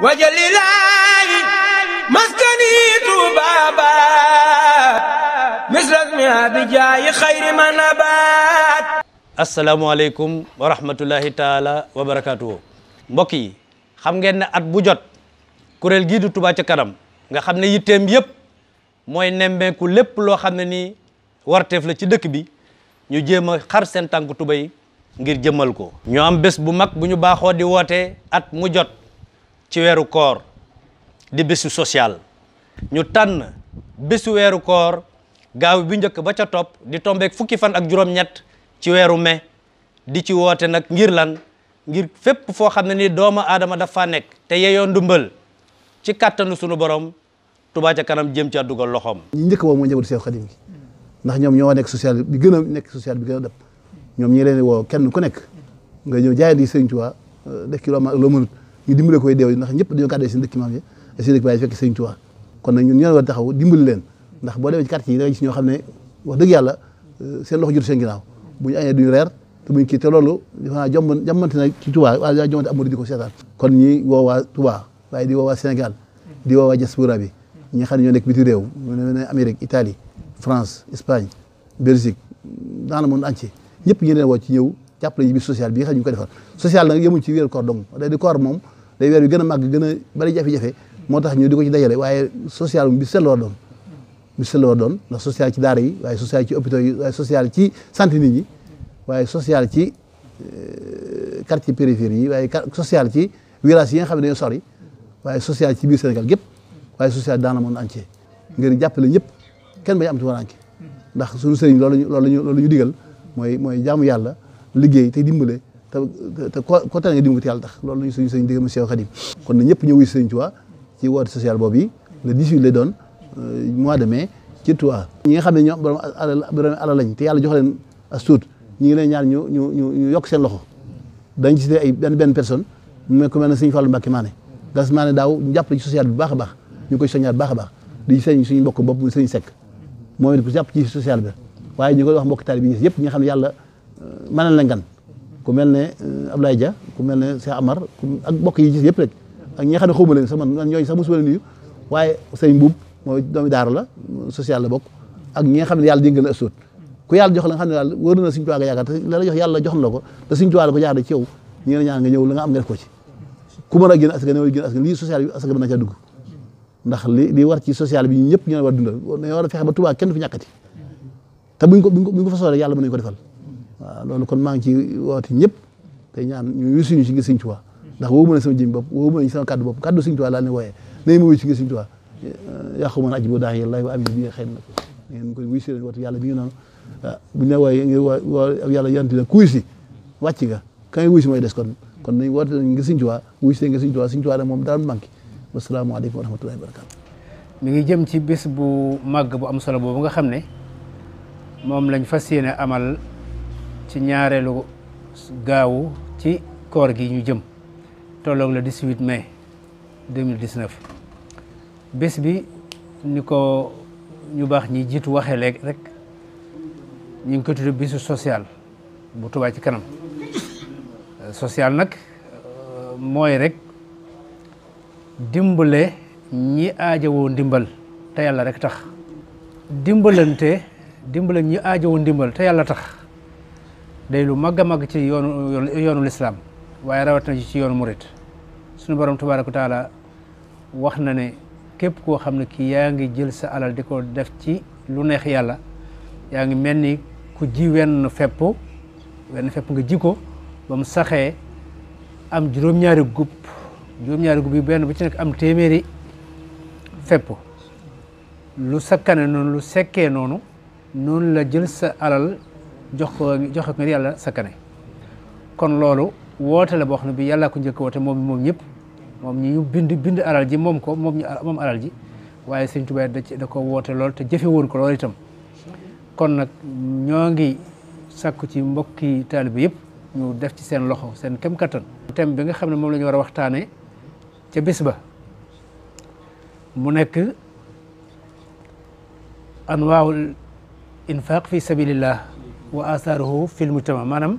wajalilaayi maskani tuubaabaat misrasmi abijaayi xayri ma nabaat asalaamualeykum wa rahmatullahi taala wa barakaatuhu mbokk yi xam ngeen ne at bu jot kuréel gii du Touba ca kanam nga xam ne yitteem yépp mooy nemmeeku lépp loo xam ne nii warteef la ci dëkk bi ñu jéem a xar seen tànku tubéy ngir jëmmal ko ñu am bés bu mag bu ñu baaxoo di woote at mu jot ci weeru koor di bésu social ñu tànn bésu weeru koor gaaw bi njëkk ba ca topp di tombeek fukki fan ak juróom-ñett ci weeru mai di ci woote nag ngir lan ngir fepp foo xam ne ni doomu aadama dafa nekk te yeyoo ndumbal ci kàttanu sunu borom Touba ca kanam jëm ca dugal loxoom. ñu njëkk woo mooy njabootu Seex Xadim gi ndax ñoom ñoo nekk social bi gën a nekk social bi gën a dëpp ñoom ñi leen woo kenn ku nekk nga ñëw jaay di Sëriñ Tuubaa def ci loo ñu dimbale koy deew ndax ñëpp dañoo gàddaay seen dëkk maam yi seen dëkk baay fekk sëñ Tuubaa kon nag ñun ñoo war yi da ngay gis ñoo xam ne wax dëgg yàlla euh, seen loxo jur seen ginnaaw bu ñu añee duñu reer te buñ kii te loolu dafa jomb jàmmante na ci Touba bi ñi nga xam ne ñoo nekk biti réew ñu ne Amérique Italie France Espagne Belgique jàppale yi social bi nga ko defal social nag yemuñ ci wéeru koor dong day di moom day weer yu gën a màgg gën a bari jafe-jafe moo tax ñu di ko ci dajale waaye social bi seet la war doon bi seet la war doon ci daara yi waaye social ci hôpitaux yi waaye social ci santé nit ñi waaye social ci euh, quartier périphérie yi waaye social ci village yi nga xam ne dañoo sori waaye social ci biir Sénégal gépp waaye social dana moon entier ngir jàppale ñëpp kenn bañ am tu waranke ndax suñu sëriñ loolu loolu loolu ñu mooy mooy jaamu yàlla liggéey tey dimbale te ko tane nga dimbale te yàlla tax loolu lañu suñu sëñ diggam Cheikh Khadim kon na ñëpp ñëw wuy sëñ Touba ci woote sociale boobu yi le 18 euh, mois de mai ci Touba nga xam ne ñoom borom alal borom te yàlla jox leen as tuut ngi leen ñaan ñu ñu ñu yokk seen loxo dañ ci ay benn benn personne mu ko mel ne sëñ Fallou Mbacké Mané gas Mané daaw ñu jàppale ci sociale bi baax a ñu ko soññaat baax a baax di sëñ suñu mbokk bopp sëñ Seck moom it ci sociale bi waaye ñu koy wax mbokk taalibe yi yëpp ñi nga xam ne yàlla Euh, manal na ngan ku leen euh, nga xam nga xam ko ci yow ñi nga ñaan nga a génn asaka ñëw lii social bi asaka mën na caa dugg ndax li war ci social bi ñu ñëpp ñu a dundal dañoo war a fexe ba Tuubaa kenn du fi ñàkkati buñ ko buñ ko fa sooree yàlla mën nañu ko defal waaw loolu kon maa ngi ci woote ñëpp tey ñaan ñu yusuñu ci ngir Sëñ Tuubaa ndax woo mën a sama jëm bopp woo mën a sama kàddu bopp kàddu Sëñ Tuubaa laa ne wooyee nañ ma wuyu ci ngir Sëñ Tuubaa yàqu mën aji boo daax yàlla wa am bi xëy na ngeen koy wuyu si woote yàlla bi nga noonu ah, bu ne wooye nga woo ka ngay wuyu si mooy des kon kon nañ woote nañ ngir Sëñ Tuubaa wuyu si ngir Sëñ Tuubaa Sëñ Tuubaa da moom dara manqué wasalaamaaleykum wa rahmatullahi wa barakatu mi ngi jëm ci bés bu màgg bu am solo boobu nga xam ne moom lañ fas yéene amal ci ñaareelu gaawu ci koor gi ñu jëm tolloog le 18 mai 2019 bés bi ni ko ñu baax ñi jiitu waxee léegi rek ñu ngi ko tudde bisu social bu Touba ci kanam euh, social nag euh, mooy rek dimbale ñi aajowoo ndimbal te yàlla rek tax dimbalante dimbale ñi aajowoo ndimbal te yàlla tax day lu mag a màgg ci yoonu yoonu lislaam waaye rawatina ci yoonu murit suñu borom tabaaraka wa taala wax na ne képp koo xam ne kii yaa ngi jël sa alal di ko def ci lu neex yàlla yaa ngi mel ni ku ji wenn fepp wenn fepp nga ji ko ba mu saxee am juróom-ñaari gub juróom-ñaari gub yu benn bu ci nekk am téeméeri fepp lu sakkane noonu lu sekkee noonu noonu la jël sa alal jox ko joxe ko ngir yàlla sakkane kon loolu woote la boo xam ne bi yàllaa ko njëkk woote moom moom ñëpp moom ñu bind bind alal ji moom ko moom ñu moom alal ji waaye sëñ Tuubaa da da ko woote lool te jëfe woon ko loolu itam kon nag ñoo ngi sàkku ci mbokki taalibe yëpp ñu def ci seen loxo seen kem kattan thème bi nga xam ne moom la ñu war a waxtaane ca bis ba mu nekk anwaawul infaq fi sabilillah wa asaaruhu fil mujtama maanaam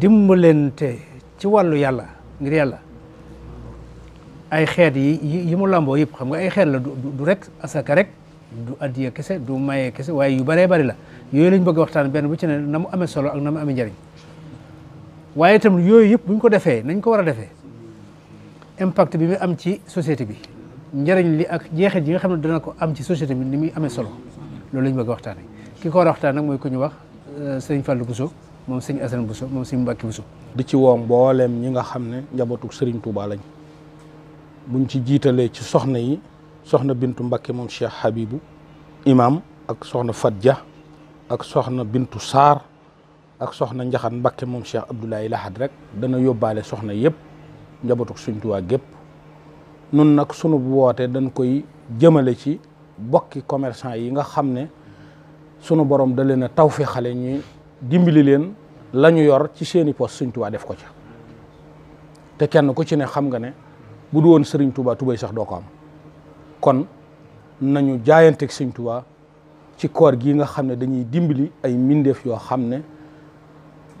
dimbalante ci wàllu yàlla ngir yàlla ay xeet yi yi mu lamboo yëpp xam nga ay xeet la du rek asaka rek du addiya kese du maye kese waaye yu bare bëri la yooyu lañ bëgg waxtaan benn bu ci ne na mu amee solo ak na mu amee njariñ waaye tam yooyu yëpp bu ñu ko defee nañ ko war a defee impact bi mu am ci société bi njëriñ li ak jeexit yi nga xam ne dana ko am ci société bi ni muy amee solo loolu la ñu bëgg waxtaane ki ko war a waxtaan nag mooy ko ñu wax sëñ Fallou Bousso moom sëñ Assane Bousso moom sëñ Mbacke Bousso. di ci woo mbooleem ñi nga xam ne njabootu Serigne Touba lañ buñ ci jiitalee ci soxna yi soxna Bintu Mbacke moom Cheikh Habibou imam ak soxna Fadja ak soxna Bintu Sarr ak soxna Njaxat Mbacke moom Cheikh Abdoulaye Lahad rek dana yóbbaale soxna yëpp njabootu Serigne Touba gépp nun nag sunu woote dañ koy jëmale ci bokki commerçant yi nga xam ne. sunu borom da leen a taw fi xale ñuy dimbali leen la ñu yor ci seeni post Sëriñ Tuubaa def ko ca te kenn ku ci ne xam nga ne bu du woon Sëriñ Tuubaa tubay sax doo ko am kon nañu jaayanteeg siñ Tuubaa ci koor gi nga xam ne dañuy dimbali ay mbindeef yoo xam ne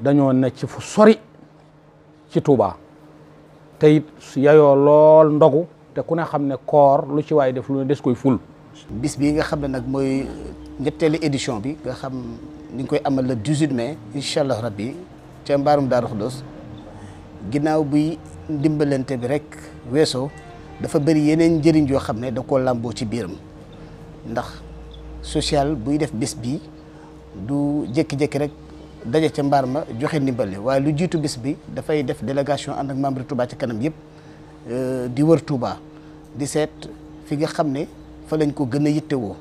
dañoo nekk ci fu sori ci Tuubaa te it yayoo lool ndogu te ku ne xam ne koor lu ci waay def lu ne des koy ful bis bii nga xam ne nag mooy ñetteelu édition bi nga xam ni ngi koy amal le 18 mai incha allah rabbi ca mbaarum Daaru Xudoos ginnaaw buy ndimbalante bi rek weesoo dafa bëri yeneen njëriñ joo xam ne da ko làmboo ci biiram ndax social buy def bis bi du jékki-jékki rek daje ca mbaar ma joxe ndimbal waaye lu jiitu bis bi dafay def délégation ànd ak membre Touba ci kanam yëpp euh, di wër tuubaa di seet fi nga xam ne fa lañ ko gën a yittewoo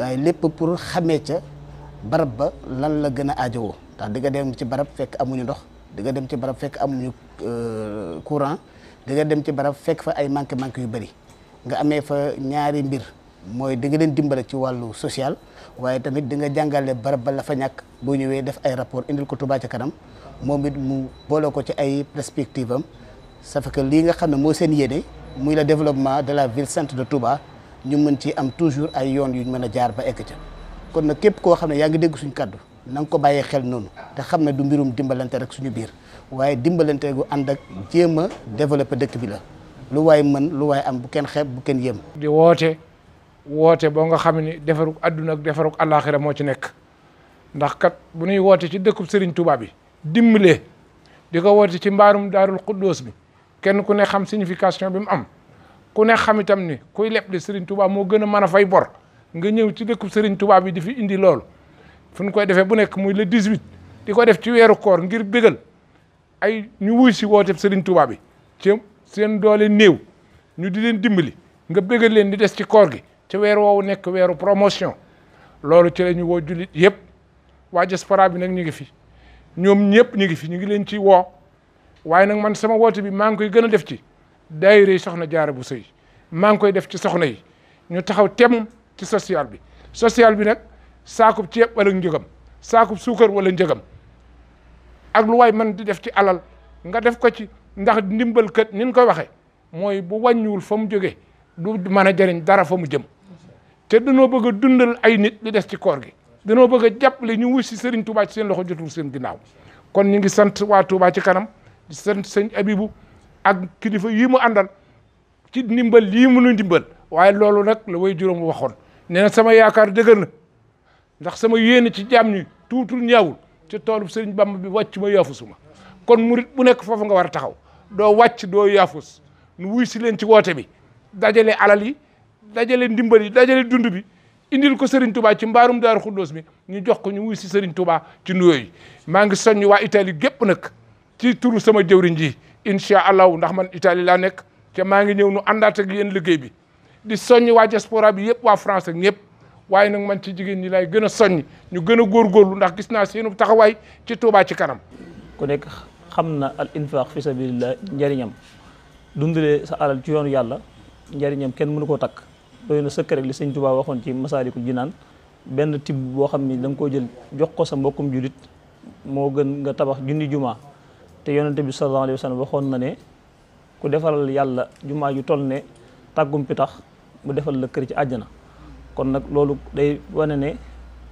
waaye lépp pour xamee ca barab ba lan la gën a aajowoo ndax di nga dem ci barab fekk amuñu ndox di nga dem ci barab fekk amuñu euh, courant di nga dem ci barab fekk fa ay manqué manqué yu bari nga amee fa ñaari mbir mooy di nga leen dimbale ci wàllu sociale waaye tamit di nga jàngale barab ba la fa ñàkk boo ñëwee def ay rapport indil ko Touba ca kanam moom it mu boole ko ci ay perspective am ça que lii nga xam ne moo seen yéene muy la développement de la ville sainte de Touba ñu mën ci am toujours ay yoon yuñ mën a jaar ba egg ca kon nag képp koo xam ne yaa ngi dégg suñ kàddu na ko bàyyee xel noonu te xam ne du mbirum dimbalante rek suñu biir waaye dimbalante gu ànd ak jéem a développer dëkk bi la lu waay mën lu waay am bu kenn xeeb bu kenn yëm di woote woote boo nga xam ni defaruk adduna ak defaruk àllaaxira moo ci nekk ndax kat bu nuy woote ci dëkkub Serigne Touba bi dimbalee di ko woote ci mbaarum daarul xuddoos bi kenn ku ne xam signification bi mu am ku ne xam itam ni kuy leb di Serigne Touba moo gën a mën a fay bor nga ñëw ci dëkku Serigne Touba bi di fi indi loolu fu ñu koy defee bu nekk muy le 18 di ko def ci weeru koor ngir bégal ay ñu wuy si woote Serigne Touba bi ci seen doole néew ñu di leen dimbali nga bégal leen di des ci koor gi ci weer woowu nekk weeru promotion loolu ci la ñu woo jullit yëpp waa diaspora bi nag ñu ngi fi ñoom ñëpp ñu ngi fi ñu ngi leen ci woo waaye nag man sama woote bi maa ngi koy gën a def ci. daayira yi soxna jaara bu sëy maa ngi koy def ci soxna yi ñu taxaw tem ci social bi social bi nag saakub ceeb wala njëgam saakub suukar wala njëgam ak lu waay mën di def ci alal nga def ko ci ndax ndimbal kët ni ñu koy waxee mooy bu wàññiwul fa mu jógee du mën a jëriñ dara fa mu jëm te danoo bëgg a dundal ay nit li def ci koor gi danoo bëgg a jàppale ñu wuy si Serigne Touba ci seen loxo jotul seen ginnaaw kon ñu ngi sant waa Touba ci kanam di sant sëñ Abibu ak kilifa yii mu àndal ci ndimbal lii munu ndimbal waaye loolu nag la way juróom waxoon ne na sama yaakaar dëgër na ndax sama yéene ci jaam ñi tuutul ñaawul ci toolu toolub sëriñ Bamba bi wàcc ma yaafusuma kon murit bu nekk foofu nga war a taxaw doo wàcc doo yaafus nu wuy si leen ci woote bi dajale alal yi dajale ndimbal yi dajale dund bi indil ko Serigne Touba ci mbaarum Daaru Xuddoos mi ñu jox ko ñu wuy si Serigne Touba ci nuyoo yi maa ngi soññ waa Italie gépp nag ci turu sama jëwriñ ji incha allahu ndax man itali laa nekk te maa ngi ñëw nu àndaat ak yéen liggéey bi di soññ waa diaspora bi yëpp waa France ak ñëpp waaye nag man ci jigéen ñi laay gën a soññ ñu gën a góorgóorlu ndax gis naa seenu taxawaay ci Touba ci kanam. ku nekk xam na al infaq fi njariñam njëriñam dundalee sa alal ci yoonu yàlla njariñam kenn mënu koo takk doy na sëkk rek li sëñ Touba waxoon ci Masaalikul Jinaan benn tibb boo xam ni da nga koo jël jox ko sa mbokkum julit moo gën nga tabax junni jumaa te yonente bi sallallahu alayhi waxoon na ne ku defaral yàlla jumaa ju toll ne tàggum pitax mu defal la kër ci na kon nag loolu day wane ne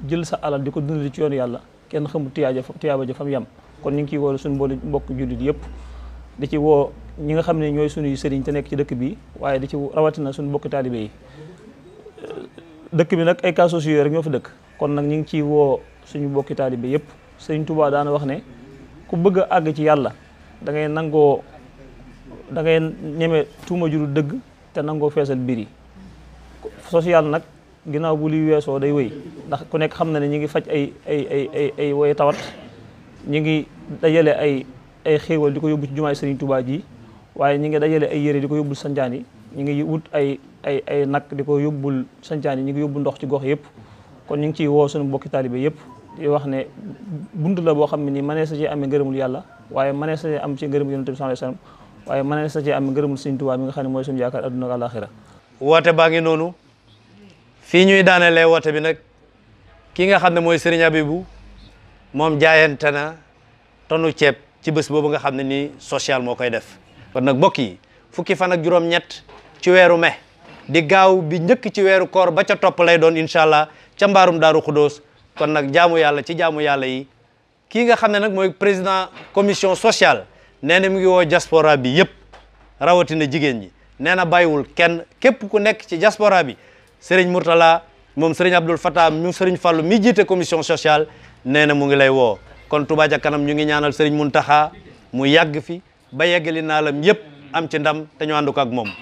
jël sa alal di ko dundali ci yoon yàlla kenn xamul tiyaaja tiyaaba ja fam yam kon ñu ngi ciy woo suñu mboolu mbokk jullit yëpp di ci woo ñi nga xam ne ñooy suñuy sëriñ te nekk ci dëkk bi waaye di ci rawatina suñu mbokki taalibe yi dëkk bi nag ay cas ñoo fa dëkk kon nag ñu ngi ciy woo suñu mbokki taalibe yëpp sëriñ Tuubaa daana wax ne ku bëgg a àgg ci yàlla da ngay nangoo da ngay ñeme tuuma juru dëgg te nangoo feesal biir yi social nag ginnaaw bu liy weesoo day woy ndax ku nekk xam na ne ñu ngi faj ay ay ay woy ay way tawat ñi ngi dajale ay ay xéewal di ko yóbbu ci jumaay Sëriñ Tuubaa ji waaye ñu ngi dajale ay yére di ko yóbbul sancaan ñu ngi wut ay ay ay nag di ko yóbbul sancaan yi ñi ngi yóbbu ndox ci gox yëpp kon ñu ngi ciy woo suñu mbokki taalibe yëpp di wax ne bunt la boo xam ne nii mënees na cee amee ngërëmul yàlla waaye mënees na cee ci ngërëmul yonent bi sallallahu alayhi wasallam waaye mënees na am ngërëmul Sëriñ Tuubaa mi nga xam ne mooy suñu yaakaar adduna ak àlaxira woote baa ngi noonu fii ñuy daanelee woote bi nag ki nga xam ne mooy Sëriñ bu moom jaayante na tonu ceeb ci bés boobu nga xam ne nii social moo koy def kon nag mbokk yi fukki fan ak juróom-ñett ci weeru mai di gaaw bi njëkk ci weeru koor ba ca topp lay doon incha allah ca mbaarum daaru Xudóos kon nag jaamu yàlla ci jaamu yàlla yi kii nga xam ne nag mooy président commission sociale nee na mu ngi woo diaspora bi yëpp rawatina jigéen ñi nee na bàyyiwul kenn képp ku nekk ci diaspora bi Serigne Mourtala moom Serigne Abdoul Fattah mu Serigne Fallou mi jiite commission sociale nee na mu ngi lay woo kon Touba ca kanam ñu ngi ñaanal Serigne taxa mu yàgg fi ba yeggali naalam yëpp am ci ndam te ñu ànd ak moom.